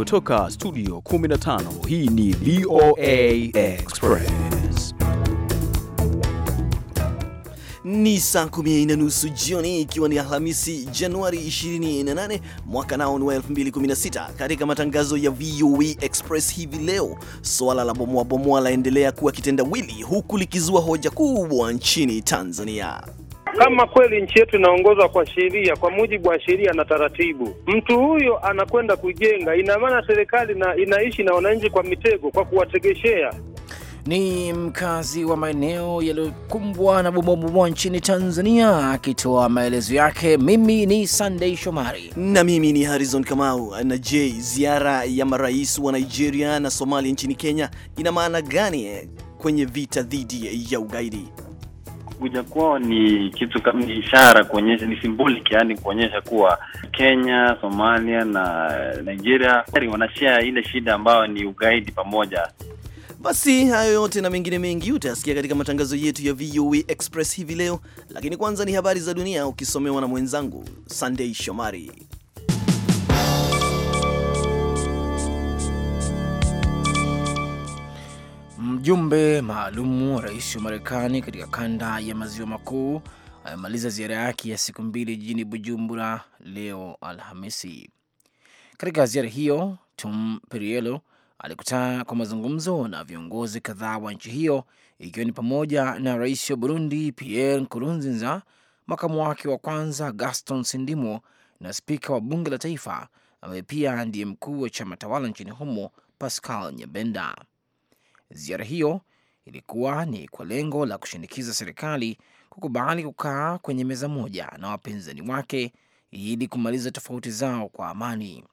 kutoka studio 15 hii ni VOA Express ni saa kumi na nusu jioni ikiwa ni Alhamisi Januari 28 mwaka nao ni wa 2016. Katika matangazo ya VOA Express hivi leo, swala la bomoa bomoa laendelea kuwa kitendawili huku likizua hoja kubwa nchini Tanzania. Kama kweli nchi yetu inaongozwa kwa sheria, kwa mujibu wa sheria na taratibu, mtu huyo anakwenda kujenga, ina maana serikali na inaishi na wananchi kwa mitego, kwa kuwategeshea. Ni mkazi wa maeneo yaliyokumbwa na bomobomoa nchini Tanzania akitoa maelezo yake. Mimi ni Sunday Shomari na mimi ni Harrison Kamau. Na je, ziara ya marais wa Nigeria na Somalia nchini Kenya ina maana gani eh, kwenye vita dhidi ya ugaidi? kuja kwao ni kitu kama ni ishara kuonyesha, ni symbolic, yani kuonyesha kuwa Kenya, Somalia na Nigeria wanashare ile shida ambayo ni ugaidi pamoja. Basi hayo yote na mengine mengi utayasikia katika matangazo yetu ya VOA e Express hivi leo, lakini kwanza ni habari za dunia ukisomewa na mwenzangu Sunday Shomari. Mjumbe maalum wa rais wa Marekani katika kanda ya maziwa makuu amemaliza ziara yake ya siku mbili jijini Bujumbura leo Alhamisi. Katika ziara hiyo, Tom Perriello alikutana kwa mazungumzo na viongozi kadhaa wa nchi hiyo ikiwa ni pamoja na rais wa Burundi Pierre Nkurunziza, makamu wake wa kwanza Gaston Sindimo na spika wa bunge la taifa ambaye pia ndiye mkuu wa chama tawala nchini humo Pascal Nyabenda. Ziara hiyo ilikuwa ni kwa lengo la kushinikiza serikali kukubali kukaa kwenye meza moja na wapinzani wake ili kumaliza tofauti zao kwa amani.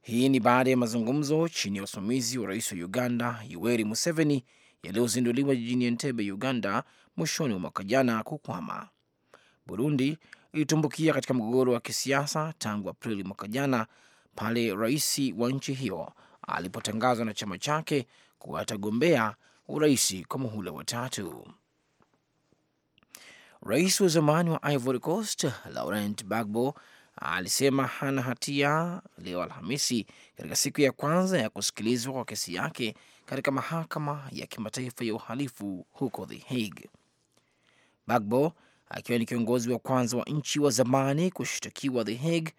Hii ni baada ya mazungumzo chini ya usimamizi wa rais wa Uganda Yoweri Museveni yaliyozinduliwa jijini Entebbe, Uganda, mwishoni mwa mwaka jana kukwama. Burundi ilitumbukia katika mgogoro wa kisiasa tangu Aprili mwaka jana pale rais wa nchi hiyo alipotangazwa na chama chake kuwa atagombea urais kwa muhula wa tatu. Rais wa zamani wa Ivory Coast Laurent bagbo alisema hana hatia leo Alhamisi, katika siku ya kwanza ya kusikilizwa kwa kesi yake katika mahakama ya kimataifa ya uhalifu huko The Hague. Bagbo akiwa ni kiongozi wa kwanza wa nchi wa zamani kushtakiwa The Hague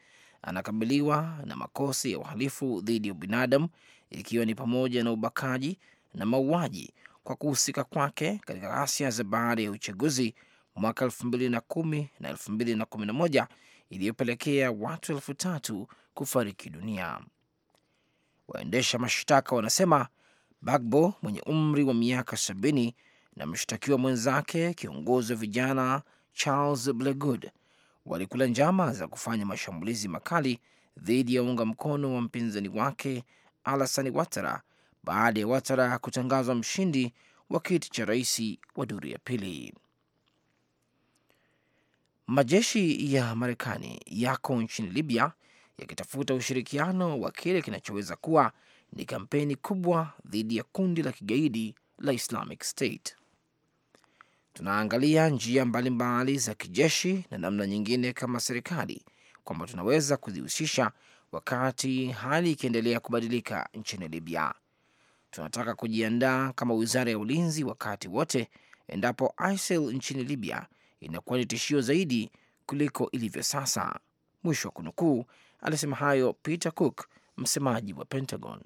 anakabiliwa na makosi ya uhalifu dhidi ya binadamu ikiwa ni pamoja na ubakaji na mauaji kwa kuhusika kwake katika ghasia za baada ya uchaguzi mwaka 2010 na 2011 iliyopelekea watu elfu tatu kufariki dunia. Waendesha mashtaka wanasema Bagbo mwenye umri wa miaka 70 na mshtakiwa mwenzake kiongozi wa vijana Charles Blegood walikula njama za kufanya mashambulizi makali dhidi ya unga mkono wa mpinzani wake alasani Watara baada ya Watara kutangazwa mshindi wa kiti cha rais wa duru ya pili. Majeshi ya Marekani yako nchini Libya yakitafuta ushirikiano wa kile kinachoweza kuwa ni kampeni kubwa dhidi ya kundi la kigaidi la Islamic State tunaangalia njia mbalimbali mbali za kijeshi na namna nyingine kama serikali kwamba tunaweza kuzihusisha wakati hali ikiendelea kubadilika nchini Libya. Tunataka kujiandaa kama wizara ya ulinzi wakati wote endapo ISIL nchini Libya inakuwa ni tishio zaidi kuliko ilivyo sasa, mwisho wa kunukuu. Alisema hayo Peter Cook, msemaji wa Pentagon.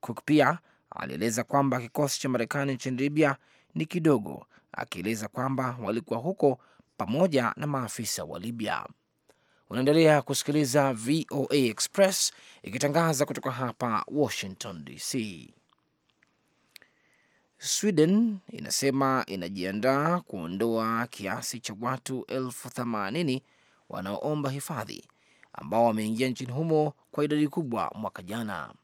Cook pia alieleza kwamba kikosi cha Marekani nchini Libya ni kidogo, akieleza kwamba walikuwa huko pamoja na maafisa wa Libya. Unaendelea kusikiliza VOA Express ikitangaza kutoka hapa Washington DC. Sweden inasema inajiandaa kuondoa kiasi cha watu elfu themanini wanaoomba hifadhi ambao wameingia nchini humo kwa idadi kubwa mwaka jana.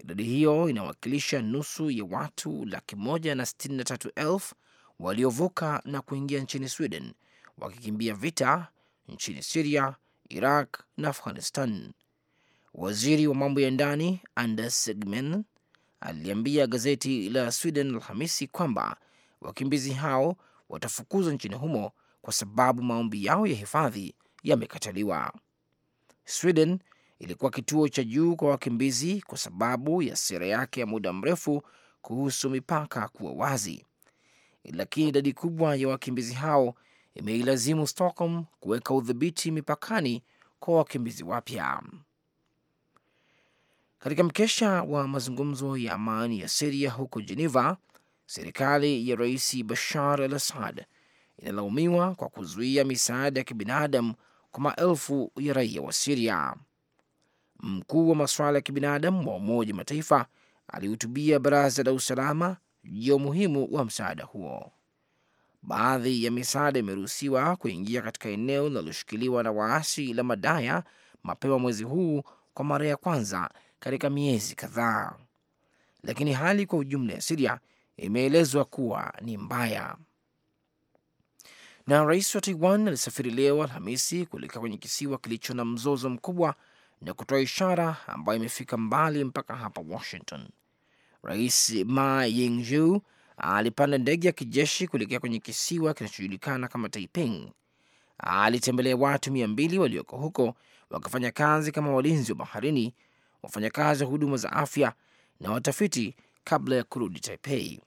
Idadi hiyo inawakilisha nusu ya watu laki moja na sitini na tatu elfu waliovuka na kuingia nchini Sweden wakikimbia vita nchini Siria, Iraq na Afghanistan. Waziri wa mambo ya ndani Anders Segmen aliambia gazeti la Sweden Alhamisi kwamba wakimbizi hao watafukuzwa nchini humo kwa sababu maombi yao ya hifadhi yamekataliwa. Sweden ilikuwa kituo cha juu kwa wakimbizi kwa sababu ya sera yake ya muda mrefu kuhusu mipaka kuwa wazi, lakini idadi kubwa ya wakimbizi hao imeilazimu Stockholm kuweka udhibiti mipakani kwa wakimbizi wapya. Katika mkesha wa mazungumzo ya amani ya Siria huko Geneva, serikali ya Rais Bashar al Assad inalaumiwa kwa kuzuia misaada ya kibinadamu kwa maelfu ya raia wa Siria. Mkuu wa masuala ya kibinadamu wa Umoja Mataifa alihutubia Baraza la Usalama juu ya umuhimu wa msaada huo. Baadhi ya misaada imeruhusiwa kuingia katika eneo linaloshikiliwa na waasi la Madaya mapema mwezi huu kwa mara ya kwanza katika miezi kadhaa, lakini hali kwa ujumla ya Siria imeelezwa kuwa ni mbaya. Na rais wa Taiwan alisafiri leo Alhamisi kuelekea kwenye kisiwa kilicho na mzozo mkubwa na kutoa ishara ambayo imefika mbali mpaka hapa Washington. Rais Ma Ying-jeou alipanda ndege ya kijeshi kuelekea kwenye kisiwa kinachojulikana kama Taiping. Alitembelea watu mia mbili walioko huko wakifanya kazi kama walinzi wa baharini, wafanyakazi wa huduma za afya na watafiti kabla ya kurudi Taipei.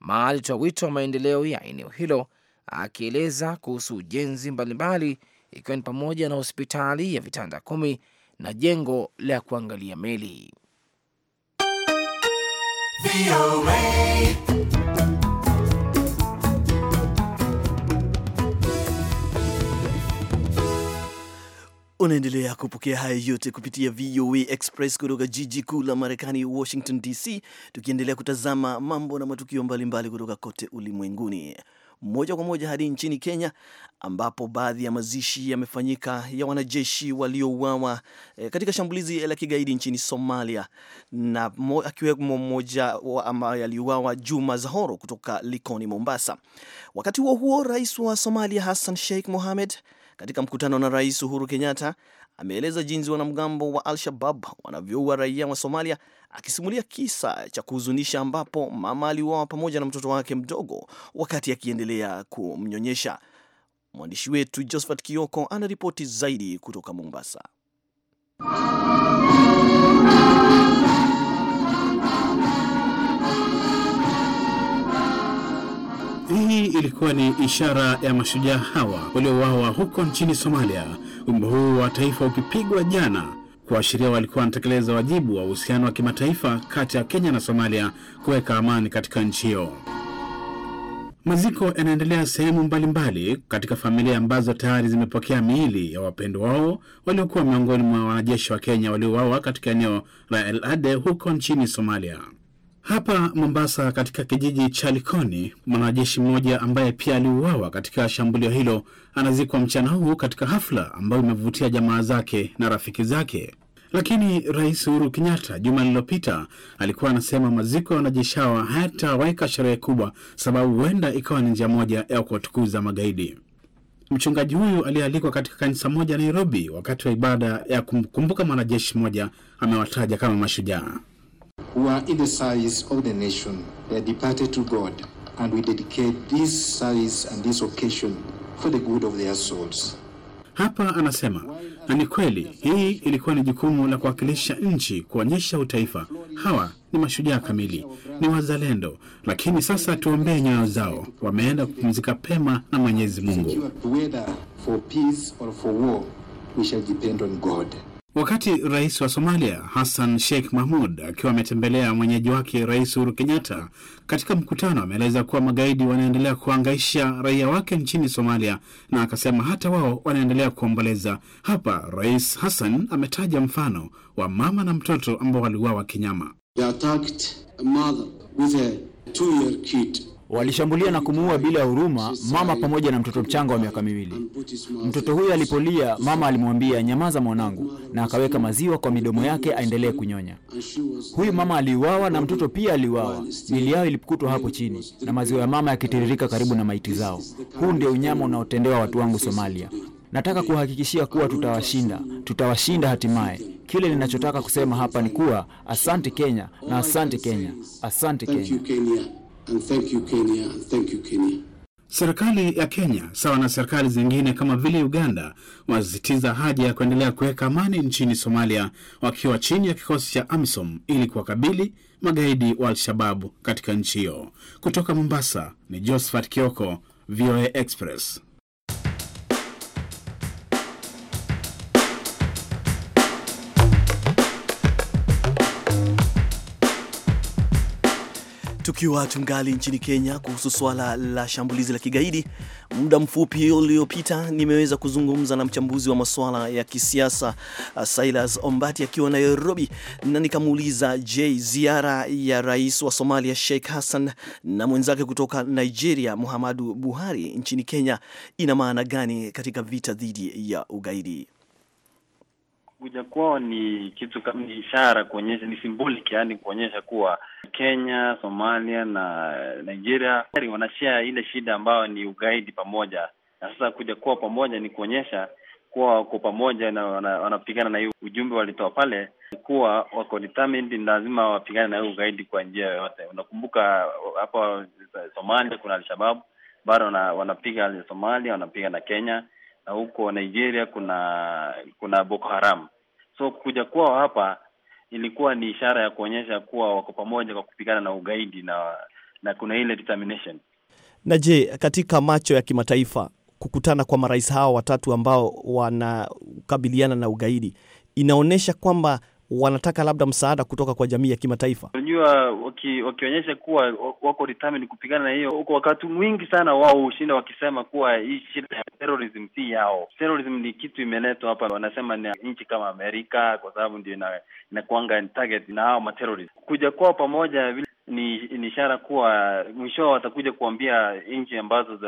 Ma alitoa wito wa maendeleo ya eneo hilo akieleza kuhusu ujenzi mbalimbali ikiwa ni pamoja na hospitali ya vitanda kumi na jengo la kuangalia meli. Unaendelea kupokea haya yote kupitia VOA Express kutoka jiji kuu la Marekani, Washington DC, tukiendelea kutazama mambo na matukio mbalimbali kutoka kote ulimwenguni moja kwa moja hadi nchini Kenya ambapo baadhi ya mazishi yamefanyika ya wanajeshi waliouawa e, katika shambulizi la kigaidi nchini Somalia, na akiwemo mmoja ambaye aliuawa Juma Zahoro kutoka Likoni, Mombasa. Wakati huo huo, rais wa Somalia Hassan Sheikh Mohamed katika mkutano na Rais Uhuru Kenyatta ameeleza jinsi wanamgambo wa Al-Shabab wanavyoua raia wa Somalia akisimulia kisa cha kuhuzunisha ambapo mama aliuawa pamoja na mtoto wake mdogo wakati akiendelea kumnyonyesha. Mwandishi wetu Josephat Kioko anaripoti zaidi kutoka Mombasa. Hii ilikuwa ni ishara ya mashujaa hawa waliouawa huko nchini Somalia, wimbo huu wa taifa ukipigwa jana kuashiria walikuwa wanatekeleza wajibu wa uhusiano wa kimataifa kati ya Kenya na Somalia kuweka amani katika nchi hiyo. Maziko yanaendelea sehemu mbalimbali katika familia ambazo tayari zimepokea miili ya wapendwa wao waliokuwa miongoni mwa wanajeshi wa Kenya waliouawa katika eneo la El Ade huko nchini Somalia. Hapa Mombasa, katika kijiji cha Likoni, mwanajeshi mmoja ambaye pia aliuawa katika shambulio hilo anazikwa mchana huu katika hafla ambayo imevutia jamaa zake na rafiki zake. Lakini Rais Uhuru Kenyatta juma lililopita alikuwa anasema maziko ya wanajeshi hawa hayataweka sherehe kubwa, sababu huenda ikawa ni njia moja ya kuwatukuza magaidi. Mchungaji huyu aliyealikwa katika kanisa moja Nairobi wakati wa ibada ya kumkumbuka mwanajeshi mmoja amewataja kama mashujaa who are in the service of the nation. They are departed to God, and we dedicate this service and this occasion for the good of their souls. Hapa anasema na ni kweli, hii ilikuwa ni jukumu la kuwakilisha nchi, kuonyesha utaifa. Hawa ni mashujaa kamili, ni wazalendo, lakini sasa tuombee nyayo zao, wameenda kupumzika pema na Mwenyezi Mungu. Wakati rais wa Somalia Hassan Sheikh Mahmud akiwa ametembelea mwenyeji wake Rais Uhuru Kenyatta katika mkutano, ameeleza kuwa magaidi wanaendelea kuangaisha raia wake nchini Somalia na akasema hata wao wanaendelea kuomboleza. Hapa Rais Hassan ametaja mfano wa mama na mtoto ambao waliuawa kinyama. They attacked a mother with a two-year kid. Walishambulia na kumuua bila ya huruma mama pamoja na mtoto mchanga wa miaka miwili. Mtoto huyo alipolia, mama alimwambia nyamaza mwanangu, na akaweka maziwa kwa midomo yake aendelee kunyonya. Huyu mama aliuawa na mtoto pia aliuawa. Mili yao ilikutwa hapo chini na maziwa ya mama yakitiririka karibu na maiti zao. Huu ndio unyama unaotendewa watu wangu Somalia. Nataka kuhakikishia kuwa tutawashinda, tutawashinda hatimaye. Kile ninachotaka kusema hapa ni kuwa asante Kenya na asante Kenya, asante Kenya. And thank you Kenya. And thank you Kenya. Serikali ya Kenya sawa na serikali zingine kama vile Uganda wanasisitiza haja ya kuendelea kuweka amani nchini Somalia wakiwa chini ya kikosi cha AMISOM ili kuwakabili magaidi wa Al-Shababu katika nchi hiyo. Kutoka Mombasa ni Josephat Kioko, VOA Express. Tukiwa tungali nchini Kenya kuhusu swala la shambulizi la kigaidi, muda mfupi uliopita nimeweza kuzungumza na mchambuzi wa masuala ya kisiasa uh, Silas Ombati akiwa Nairobi, na nikamuuliza je, ziara ya rais wa Somalia Sheikh Hassan na mwenzake kutoka Nigeria Muhammadu Buhari nchini Kenya ina maana gani katika vita dhidi ya ugaidi? kuja kwao ni kitu kama ni ishara kuonyesha, ni symbolic, yani kuonyesha kuwa Kenya, Somalia na Nigeria wanashare ile shida ambayo ni ugaidi pamoja, na sasa kuja kwao pamoja ni kuonyesha kuwa wako pamoja na wanapigana na hiyo. Ujumbe walitoa pale kuwa wako determined, lazima wapigane na hiyo ugaidi kwa njia yoyote. Unakumbuka hapa Somalia kuna Alshababu bado wanapiga Somalia, wanapiga na Kenya na huko Nigeria kuna kuna Boko Haram. So kuja kwao hapa ilikuwa ni ishara ya kuonyesha kuwa wako pamoja kwa kupigana na ugaidi na na kuna ile determination. Na je, katika macho ya kimataifa kukutana kwa marais hawa watatu ambao wanakabiliana na ugaidi inaonyesha kwamba wanataka labda msaada kutoka kwa jamii ya kimataifa. Unajua, wakionyesha waki kuwa wako determined kupigana na hiyo, kwa wakati mwingi sana wao hushinda wakisema kuwa hii shida ya terrorism si yao. Terrorism ni kitu imeletwa hapa, wanasema ni nchi kama Amerika, kwa sababu ndio inakuanga target na hao materrorist. Kuja kwao pamoja ni ni ishara kuwa mwishoo watakuja kuambia nchi ambazo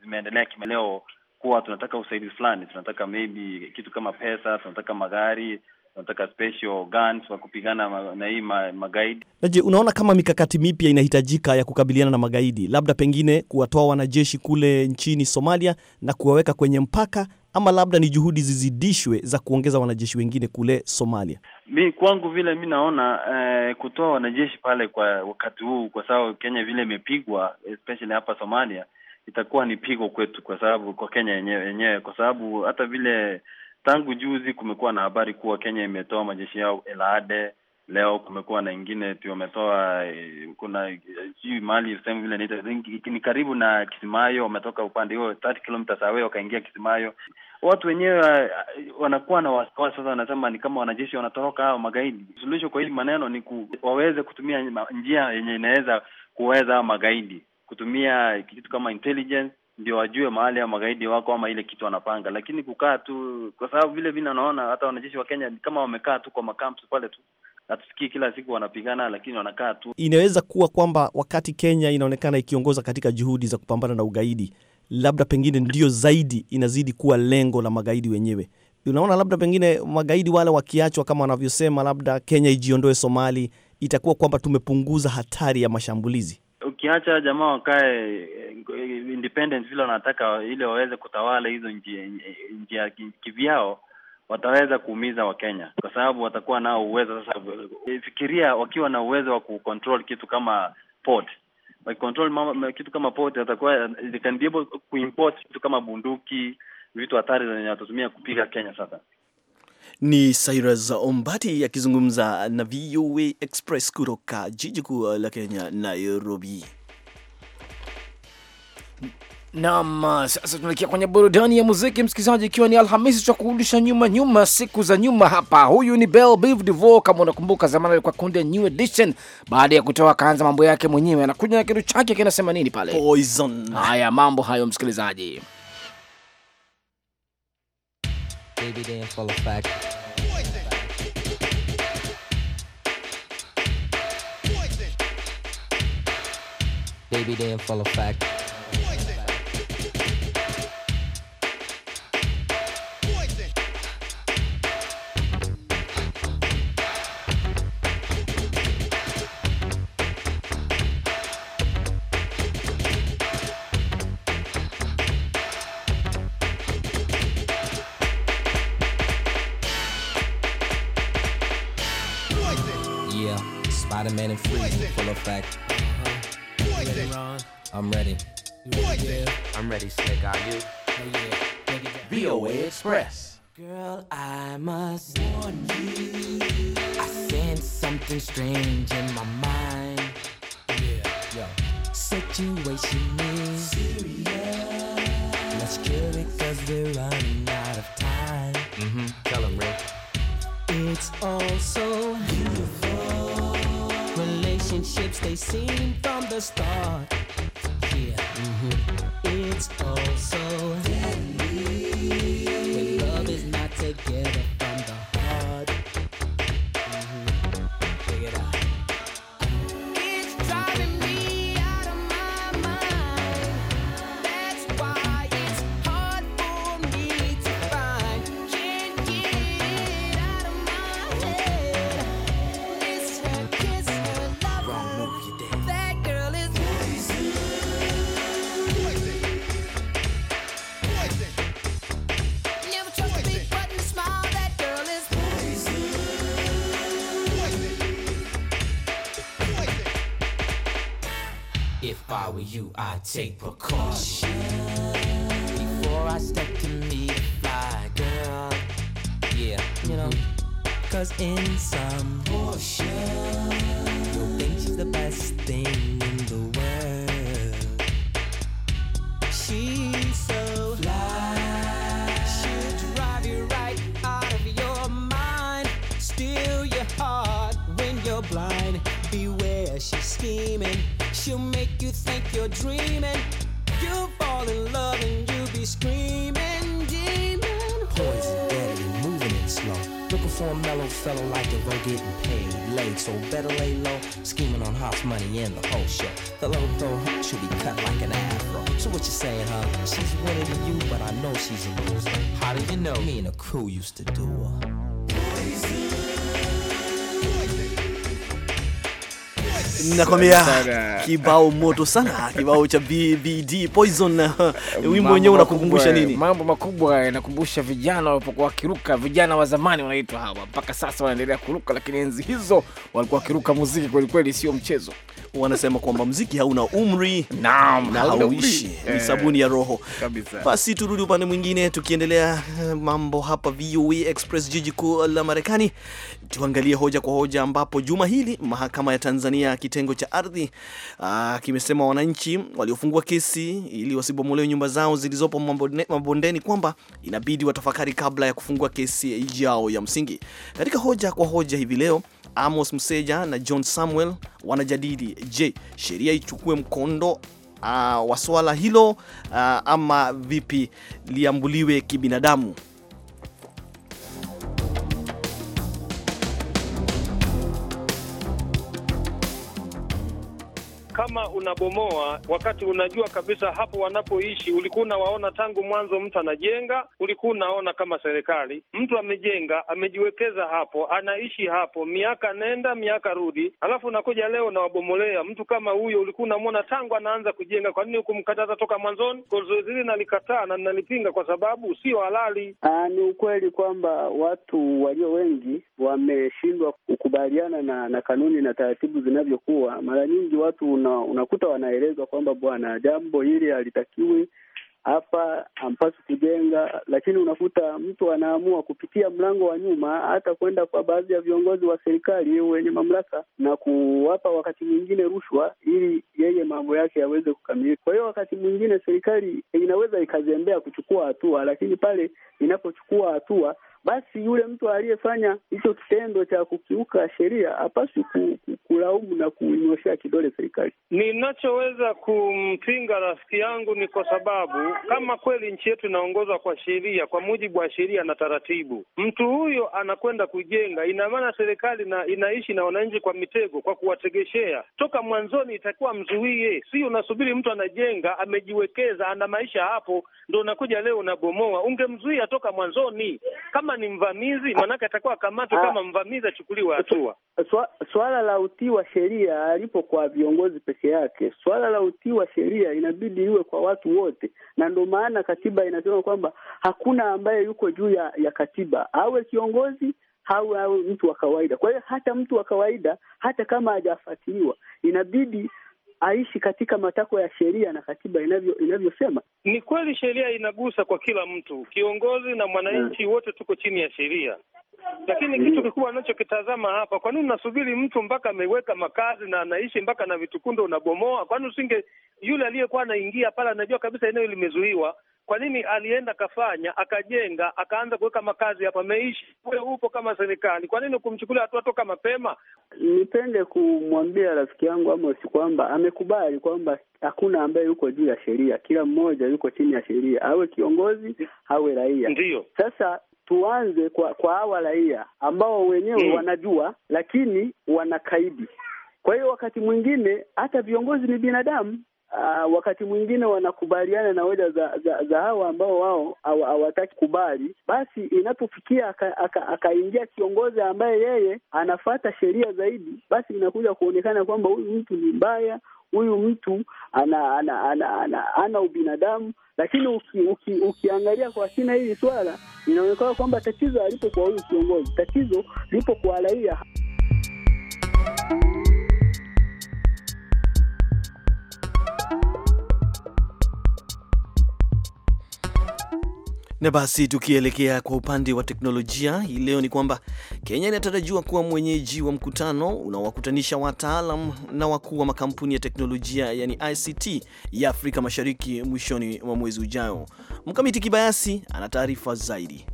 zimeendelea kimeleo kuwa tunataka usaidizi fulani, tunataka maybe kitu kama pesa, tunataka magari tunataka special guns wa kupigana na hii magaidi. Na je, unaona kama mikakati mipya inahitajika ya kukabiliana na magaidi, labda pengine kuwatoa wanajeshi kule nchini Somalia na kuwaweka kwenye mpaka ama labda ni juhudi zizidishwe za kuongeza wanajeshi wengine kule Somalia. Mi kwangu vile mi naona eh, kutoa wanajeshi pale kwa wakati huu, kwa sababu Kenya vile imepigwa especially hapa Somalia, itakuwa ni pigo kwetu, kwa sababu kwa Kenya yenyewe, kwa sababu hata vile Tangu juzi kumekuwa na habari kuwa Kenya imetoa majeshi yao elade Leo kumekuwa na ingine tu wametoa, eh, kuna eh, sijui mahali sehemu vile naita ni karibu na Kisimayo, wametoka upande huo 30 kilomita away wakaingia Kisimayo. Watu wenyewe eh, wanakuwa na wasiwasi sasa, wanasema ni kama wanajeshi wanatoroka hao magaidi. Suluhisho kwa hili maneno ni ku, waweze kutumia njia yenye inaweza kuweza magaidi kutumia kitu kama intelligence ndio wajue mahali ya magaidi wako ama ile kitu wanapanga, lakini kukaa tu, kwa sababu vile vile naona hata wanajeshi wa Kenya kama wamekaa tu kwa makampu pale tu hatusikii kila siku wanapigana, lakini wanakaa tu. Inaweza kuwa kwamba wakati Kenya inaonekana ikiongoza katika juhudi za kupambana na ugaidi, labda pengine ndio zaidi inazidi kuwa lengo la magaidi wenyewe. Unaona, labda pengine magaidi wale wakiachwa, kama wanavyosema, labda Kenya ijiondoe Somali, itakuwa kwamba tumepunguza hatari ya mashambulizi ukiacha jamaa wakae eh, independent vile wanataka ili waweze kutawala hizo njia, kivyao, wataweza kuumiza Wakenya kwa sababu watakuwa nao uwezo sasa. Eh, fikiria wakiwa na uwezo wa kucontrol kitu kama port, wakicontrol kitu kama port, watakuwa they can be able kuimport kitu kama bunduki, vitu hatari zenye watatumia kupiga Kenya sasa. Ni Cyrus Ombati akizungumza na VOA Express kutoka jiji kuu la Kenya, Nairobi. Naam, sasa tunaelekea kwenye burudani ya muziki, msikilizaji, ikiwa ni Alhamisi cha kurudisha nyuma nyuma siku za nyuma hapa. Huyu ni Bell Biv DeVoe, kama unakumbuka zamani alikuwa kundi ya New Edition, baada ya kutoa kaanza mambo yake mwenyewe, anakuja na kitu chake kinasema nini pale, Poison. Haya mambo hayo, msikilizaji. baby, they in full effect. Poison. Poison. Baby, they full effect. fact. Uh-huh. Ready, Ron? I'm ready. Yeah. I'm ready, Slick. Are you? Oh, yeah. VOA Express. Girl, I must warn you. I sense something strange in my mind. Yeah, yo. Situation is serious. Let's kill it cause we're running out of time. Mm-hmm. Tell him, Rick. It's all so beautiful relationships they seem from the start. Yeah, mm-hmm. it's also deadly when love is not together. If I were you, I'd take precaution before I step to meet my girl. Yeah, you know, cause in some portion, you'll think she's the best thing dreaming. You fall in love and you be screaming, demon. Points deadly, moving in slow. Looking for a mellow fellow like the road getting paid. Late, so better lay low. Scheming on hot money and the whole show. The low throw huh, should be cut like an afro. So what you saying, huh? She's winning to you, but I know she's a loser. How do you know? Me and a crew used to do her. nakwambia kibao moto sana, kibao cha BBD Poison. Wimbo wenyewe unakukumbusha nini? Mambo makubwa yanakumbusha vijana walipokuwa wakiruka, vijana wa zamani wanaitwa hawa, mpaka sasa wanaendelea kuruka, lakini enzi hizo walikuwa wakiruka muziki kwelikweli, sio mchezo wanasema kwamba mziki hauna umri na hauishi, ni eh, sabuni ya roho kabisa. Basi turudi upande mwingine, tukiendelea eh, mambo hapa VOA Express, jiji kuu la Marekani, tuangalie hoja kwa hoja, ambapo juma hili mahakama ya Tanzania kitengo cha ardhi ah, kimesema wananchi waliofungua kesi ili wasibomolewe nyumba zao zilizopo mabondeni kwamba inabidi watafakari kabla ya kufungua kesi yao ya msingi. Katika hoja kwa hoja hivi leo Amos Mseja na John Samuel wanajadili, je, sheria ichukue mkondo uh, wa swala hilo uh, ama vipi liambuliwe kibinadamu? unabomoa, wakati unajua kabisa hapo wanapoishi ulikuwa unawaona tangu mwanzo, mtu anajenga, ulikuwa unaona kama serikali, mtu amejenga, amejiwekeza hapo, anaishi hapo miaka nenda miaka rudi, alafu unakuja leo unawabomolea. Mtu kama huyo ulikuwa unamwona tangu anaanza kujenga, kwa nini hukumkataza toka mwanzoni? Zoezi hili nalikataa na nalipinga kwa sababu sio halali. Ah, ni ukweli kwamba watu walio wengi wameshindwa kukubaliana na, na kanuni na taratibu zinavyokuwa. Mara nyingi watu una, una unakuta wanaelezwa kwamba bwana, jambo hili halitakiwi hapa, hampasi kujenga, lakini unakuta mtu anaamua kupitia mlango wa nyuma, hata kwenda kwa baadhi ya viongozi wa serikali wenye mamlaka na kuwapa wakati mwingine rushwa, ili yeye mambo yake yaweze kukamilika. Kwa hiyo wakati mwingine serikali inaweza ikazembea kuchukua hatua, lakini pale inapochukua hatua basi yule mtu aliyefanya hicho kitendo cha kukiuka sheria hapaswi kulaumu na kunyoshea kidole serikali. Ninachoweza kumpinga rafiki yangu ni kwa sababu kama kweli nchi yetu inaongozwa kwa sheria, kwa mujibu wa sheria na taratibu, mtu huyo anakwenda kujenga, ina maana serikali na inaishi na wananchi kwa mitego, kwa kuwategeshea toka mwanzoni. Itakuwa mzuie, si unasubiri mtu anajenga, amejiwekeza, ana maisha hapo, ndo unakuja leo unabomoa. Ungemzuia toka mwanzoni kama kama ni mvamizi, maanake atakuwa akamatwa ah. kama mvamizi, achukuliwe hatua. Swala la utii wa sheria alipo kwa viongozi peke yake. Swala la utii wa sheria inabidi iwe kwa watu wote, na ndio maana katiba inasema kwamba hakuna ambaye yuko juu ya, ya katiba, awe kiongozi au awe mtu wa kawaida. Kwa hiyo hata mtu wa kawaida, hata kama hajafuatiliwa, inabidi aishi katika matakwa ya sheria na katiba inavyo inavyosema. Ni kweli sheria inagusa kwa kila mtu, kiongozi na mwananchi, hmm. wote tuko chini ya sheria, lakini kitu hmm. kikubwa anachokitazama hapa, kwa nini unasubiri mtu mpaka ameweka makazi na anaishi mpaka na vitukundo unabomoa? Kwani usinge yule aliyekuwa anaingia pale anajua kabisa eneo limezuiwa kwa nini alienda akafanya akajenga akaanza kuweka makazi hapa, ameishi kule, upo kama serikali, kwa nini kumchukulia hatua toka mapema? Nipende kumwambia rafiki yangu Amos kwamba amekubali kwamba hakuna ambaye yuko juu ya sheria, kila mmoja yuko chini ya sheria, awe kiongozi awe raia. Ndiyo sasa tuanze kwa kwa hawa raia ambao wenyewe mm, wanajua lakini wanakaidi. Kwa hiyo wakati mwingine hata viongozi ni binadamu Uh, wakati mwingine wanakubaliana na hoja za, za, za hawa ambao wao hawataki kubali. Basi inapofikia akaingia aka kiongozi ambaye yeye anafata sheria zaidi, basi inakuja kuonekana kwamba huyu mtu ni mbaya, huyu mtu ana ana, ana, ana, ana ubinadamu. Lakini uki, uki, ukiangalia kwa kina hili swala, inaonekana kwamba tatizo alipo kwa huyu kiongozi, tatizo lipo kwa raia. Na basi tukielekea kwa upande wa teknolojia hii leo ni kwamba Kenya inatarajiwa kuwa mwenyeji wa mkutano unaowakutanisha wataalam na wakuu wa makampuni ya teknolojia yani ICT ya Afrika Mashariki mwishoni mwa mwezi ujao. Mkamiti Kibayasi ana taarifa zaidi.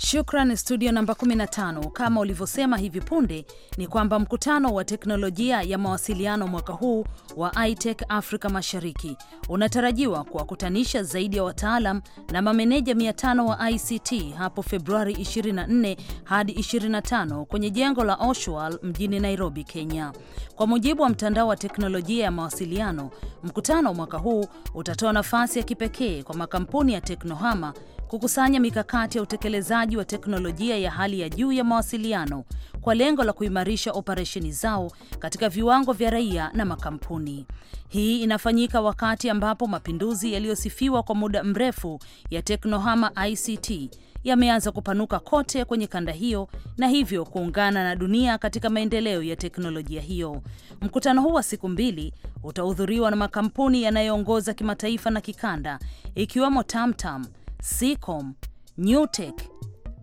Shukran studio namba 15. Kama ulivyosema hivi punde, ni kwamba mkutano wa teknolojia ya mawasiliano mwaka huu wa ITEC Afrika Mashariki unatarajiwa kuwakutanisha zaidi ya wataalam na mameneja 500 wa ICT hapo Februari 24 hadi 25 kwenye jengo la Oshwal mjini Nairobi, Kenya. Kwa mujibu wa mtandao wa teknolojia ya mawasiliano, mkutano mwaka huu utatoa nafasi ya kipekee kwa makampuni ya teknohama kukusanya mikakati ya utekelezaji wa teknolojia ya hali ya juu ya mawasiliano kwa lengo la kuimarisha operesheni zao katika viwango vya raia na makampuni. Hii inafanyika wakati ambapo mapinduzi yaliyosifiwa kwa muda mrefu ya teknohama ICT yameanza kupanuka kote kwenye kanda hiyo na hivyo kuungana na dunia katika maendeleo ya teknolojia hiyo. Mkutano huu wa siku mbili utahudhuriwa na makampuni yanayoongoza kimataifa na kikanda ikiwemo Tamtam Ccom, Newtek,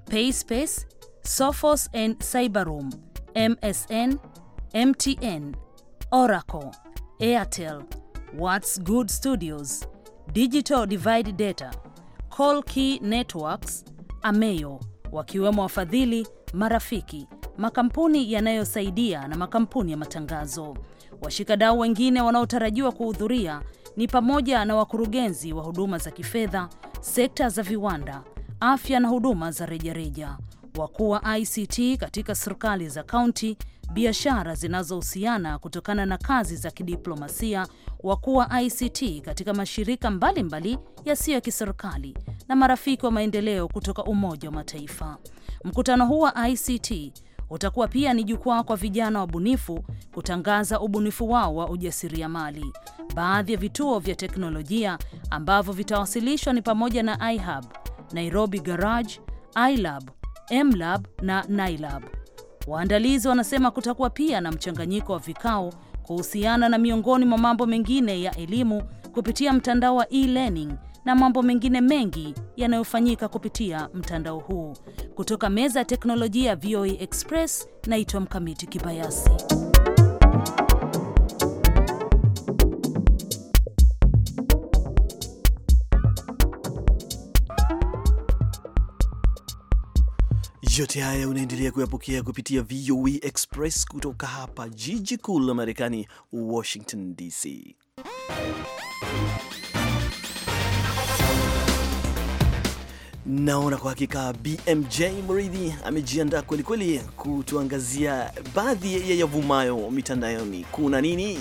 Payspace, Sophos and Cyberroom, MSN, MTN, Oracle, Airtel, What's Good Studios, Digital Divide Data, Call Key Networks, Ameyo, wakiwemo wafadhili, marafiki, makampuni yanayosaidia na makampuni ya matangazo. Washikadau wengine wanaotarajiwa kuhudhuria ni pamoja na wakurugenzi wa huduma za kifedha sekta za viwanda, afya na huduma za rejareja, wakuu wa ICT katika serikali za kaunti, biashara zinazohusiana kutokana na kazi za kidiplomasia, wakuu wa ICT katika mashirika mbalimbali yasiyo ya kiserikali na marafiki wa maendeleo kutoka Umoja wa Mataifa. Mkutano huu wa ICT utakuwa pia ni jukwaa kwa vijana wabunifu kutangaza ubunifu wao wa ujasiriamali. Baadhi ya vituo vya teknolojia ambavyo vitawasilishwa ni pamoja na iHub, Nairobi Garage, iLab, MLab na Nailab. Waandalizi wanasema kutakuwa pia na mchanganyiko wa vikao kuhusiana na miongoni mwa mambo mengine ya elimu kupitia mtandao wa e-learning na mambo mengine mengi yanayofanyika kupitia mtandao huu. Kutoka meza ya teknolojia VOA e Express, naitwa Mkamiti Kibayasi. Yote haya unaendelea kuyapokea kupitia VOA e Express kutoka hapa jiji kuu la Marekani, Washington DC. Naona kwa hakika BMJ Mridhi amejiandaa kwelikweli kutuangazia baadhi ya yavumayo mitandaoni. Kuna nini?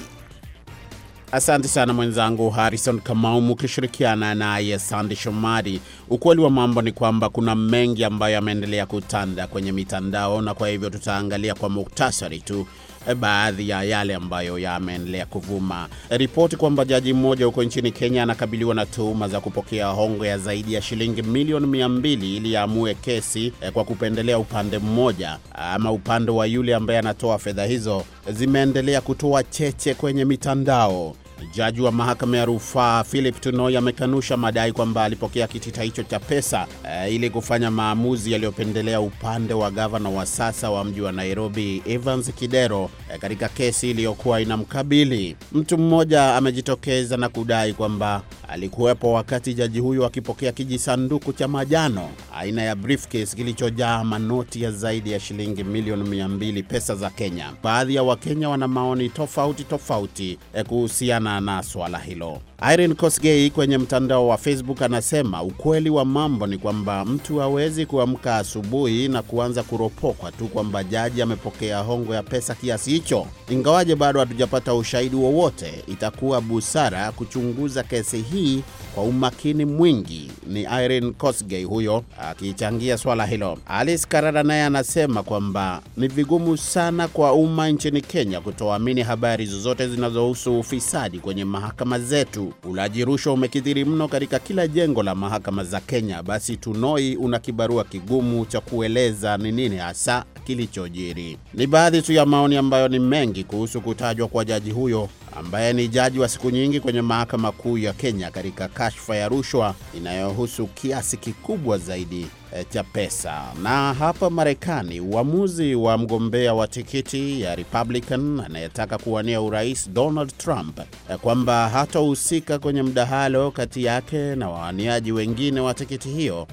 Asante sana mwenzangu Harrison Kamau, mukishirikiana naye Sandi Shomari. Ukweli wa mambo ni kwamba kuna mengi ambayo yameendelea kutanda kwenye mitandao, na kwa hivyo tutaangalia kwa muktasari tu E, baadhi ya yale ambayo yameendelea kuvuma. E, ripoti kwamba jaji mmoja huko nchini Kenya anakabiliwa na tuhuma za kupokea hongo ya zaidi ya shilingi milioni mia mbili ili aamue kesi e, kwa kupendelea upande mmoja ama upande wa yule ambaye anatoa fedha hizo zimeendelea kutoa cheche kwenye mitandao. Jaji wa mahakama ya rufaa Philip Tunoi amekanusha madai kwamba alipokea kitita hicho cha pesa uh, ili kufanya maamuzi yaliyopendelea upande wa gavana wa sasa wa mji wa Nairobi Evans Kidero uh, katika kesi iliyokuwa inamkabili. Mtu mmoja amejitokeza na kudai kwamba alikuwepo wakati jaji huyo akipokea kijisanduku cha majano aina ya briefcase kilichojaa manoti ya zaidi ya shilingi milioni 200 pesa za Kenya. Baadhi ya Wakenya wana maoni tofauti tofauti eh, kuhusiana Mama na swala hilo. Irene Kosgei kwenye mtandao wa Facebook anasema ukweli wa mambo ni kwamba mtu hawezi kuamka asubuhi na kuanza kuropokwa tu kwamba jaji amepokea hongo ya pesa kiasi hicho. Ingawaje bado hatujapata ushahidi wowote, itakuwa busara kuchunguza kesi hii kwa umakini mwingi. Ni Irene Kosgei huyo akichangia swala hilo. Alice Karara naye anasema kwamba ni vigumu sana kwa umma nchini Kenya kutoamini habari zozote zinazohusu ufisadi kwenye mahakama zetu ulaji rushwa umekithiri mno katika kila jengo la mahakama za Kenya, basi Tunoi una kibarua kigumu cha kueleza ni nini hasa kilichojiri. Ni baadhi tu ya maoni ambayo ni mengi kuhusu kutajwa kwa jaji huyo ambaye ni jaji wa siku nyingi kwenye mahakama kuu ya Kenya katika kashfa ya rushwa inayohusu kiasi kikubwa zaidi Eh, cha pesa. Na hapa Marekani, uamuzi wa mgombea wa tikiti ya Republican anayetaka kuwania urais Donald Trump eh, kwamba hatohusika kwenye mdahalo kati yake na wawaniaji wengine wa tikiti hiyo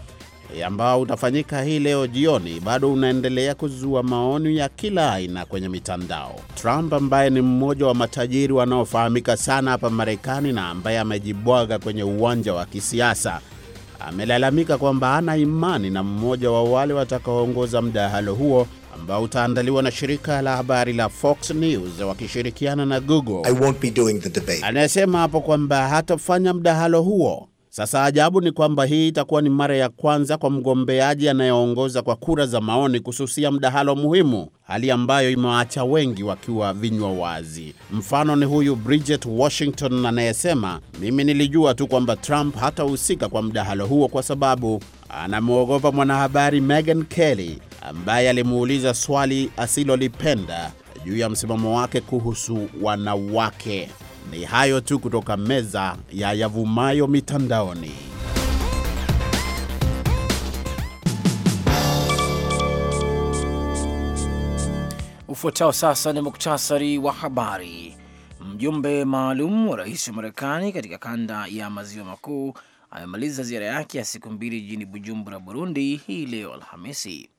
eh, ambao utafanyika hii leo jioni, bado unaendelea kuzua maoni ya kila aina kwenye mitandao. Trump ambaye ni mmoja wa matajiri wanaofahamika sana hapa Marekani na ambaye amejibwaga kwenye uwanja wa kisiasa amelalamika kwamba ana imani na mmoja wa wale watakaoongoza mdahalo huo ambao utaandaliwa na shirika la habari la Fox News wakishirikiana na Google. Anasema hapo kwamba hatafanya mdahalo huo sasa ajabu ni kwamba hii itakuwa ni mara ya kwanza kwa mgombeaji anayeongoza kwa kura za maoni kususia mdahalo muhimu, hali ambayo imewaacha wengi wakiwa vinywa wazi. Mfano ni huyu Bridget Washington anayesema, mimi nilijua tu kwamba Trump hatahusika kwa mdahalo huo kwa sababu anamwogopa mwanahabari megan Kelly ambaye alimuuliza swali asilolipenda juu ya msimamo wake kuhusu wanawake. Ni hayo tu kutoka meza ya yavumayo mitandaoni. Ufuatao sasa ni muktasari wa habari. Mjumbe maalum wa rais wa Marekani katika kanda ya maziwa makuu amemaliza ziara yake ya siku mbili jijini Bujumbura, Burundi, hii leo Alhamisi.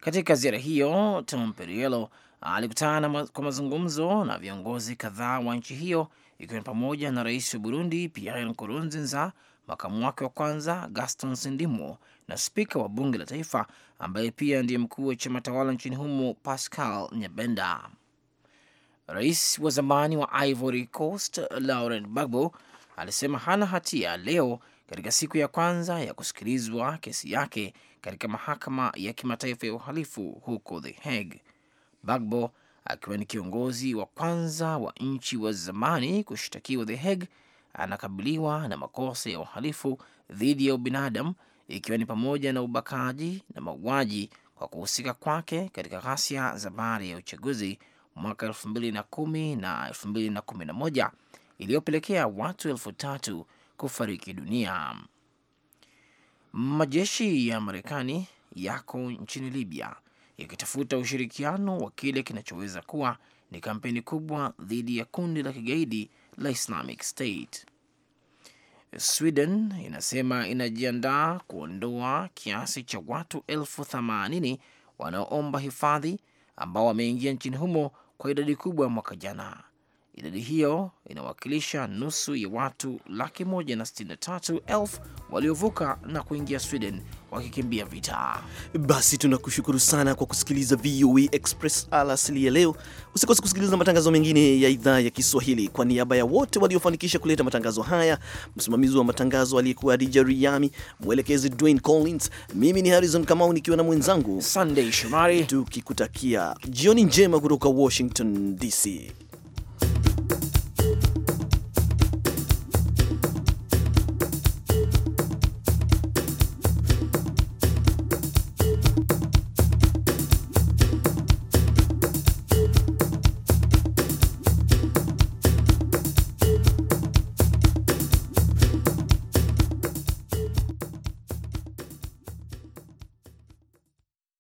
Katika ziara hiyo, Tom Perriello alikutana kwa mazungumzo na viongozi kadhaa wa nchi hiyo ikiwa ni pamoja na rais wa Burundi Pierre Nkurunziza, makamu wake wa kwanza Gaston Sindimo na spika wa bunge la taifa ambaye pia ndiye mkuu wa chama tawala nchini humo Pascal Nyabenda. Rais wa zamani wa Ivory Coast Laurent Gbagbo alisema hana hatia leo katika siku ya kwanza ya kusikilizwa kesi yake katika mahakama ya kimataifa ya uhalifu huko The Hague. Bagbo akiwa ni kiongozi wa kwanza wa nchi wa zamani kushtakiwa The Hague, anakabiliwa na makosa ya uhalifu dhidi ya ubinadamu ikiwa ni pamoja na ubakaji na mauaji kwa kuhusika kwake katika ghasia za baada ya uchaguzi mwaka mbili na moja iliyopelekea watu elfu tatu kufariki dunia. Majeshi ya Marekani yako nchini Libya ikitafuta ushirikiano wa kile kinachoweza kuwa ni kampeni kubwa dhidi ya kundi la kigaidi la Islamic State. Sweden inasema inajiandaa kuondoa kiasi cha watu elfu themanini wanaoomba hifadhi ambao wameingia nchini humo kwa idadi kubwa mwaka jana. Idadi hiyo inawakilisha nusu ya watu laki moja na sitini na tatu elfu waliovuka na kuingia Sweden wakikimbia vita. Basi tunakushukuru sana kwa kusikiliza VOA e Express alasili ya leo. Usikose kusikiliza matangazo mengine ya idhaa ya Kiswahili. Kwa niaba ya wote waliofanikisha kuleta matangazo haya, msimamizi wa matangazo aliyekuwa Adija Riami, mwelekezi Dwayne Collins, mimi ni Harrison Kamau nikiwa na mwenzangu Sunday Shomari, tukikutakia jioni njema kutoka Washington DC.